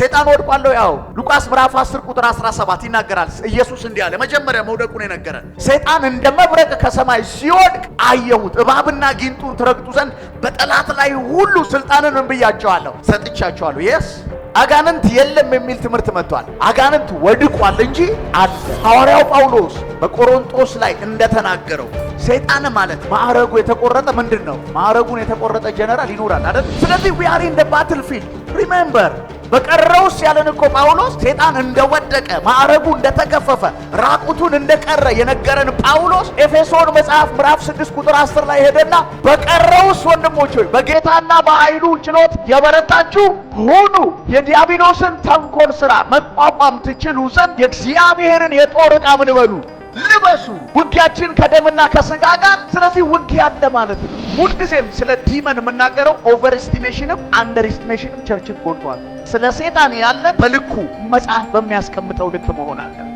ሰይጣን ወድቋለው ያው ሉቃስ ምዕራፍ 10 ቁጥር 17 ይናገራል። ኢየሱስ እንዲህ አለ። መጀመሪያ መውደቁን የነገረን ሰይጣን እንደ መብረቅ ከሰማይ ሲወድቅ አየሁት። እባብና ጊንጡን ትረግጡ ዘንድ በጠላት ላይ ሁሉ ስልጣንን እንብያቸዋለሁ ሰጥቻቸዋለሁ። የስ አጋንንት የለም የሚል ትምህርት መጥቷል። አጋንንት ወድቋል እንጂ አለ። ሐዋርያው ጳውሎስ በቆሮንጦስ ላይ እንደተናገረው ሰይጣን ማለት ማዕረጉ የተቆረጠ ምንድን ነው? ማዕረጉን የተቆረጠ ጀነራል ይኖራል አይደል? ስለዚህ ዊ አር ኢን ዘ ባትል ፊልድ ሪሜምበር በቀረውስ ያለን እኮ ጳውሎስ ሴጣን እንደወደቀ ማዕረጉ እንደተከፈፈ ራቁቱን እንደቀረ የነገረን ጳውሎስ ኤፌሶን መጽሐፍ ምዕራፍ 6 ቁጥር 10 ላይ ሄደና በቀረውስ ወንድሞች ሆይ በጌታና በኃይሉ ችሎት የበረታችሁ ሁኑ የዲያብሎስን ተንኮል ሥራ መቋቋም ትችሉ ዘንድ የእግዚአብሔርን የጦር ዕቃ ምን በሉ ልበሱ። ውጊያችን ከደምና ከስጋ ጋር። ስለዚህ ውጊያ አለ ማለት ነው። ሁልጊዜም ስለ ዲመን የምናገረው ኦቨር ኤስቲሜሽንም አንደር ኤስቲሜሽንም ቸርችን ጎድቷል። ስለ ሴጣን ያለ በልኩ መጽሐፍ በሚያስቀምጠው ልክ መሆን አለ።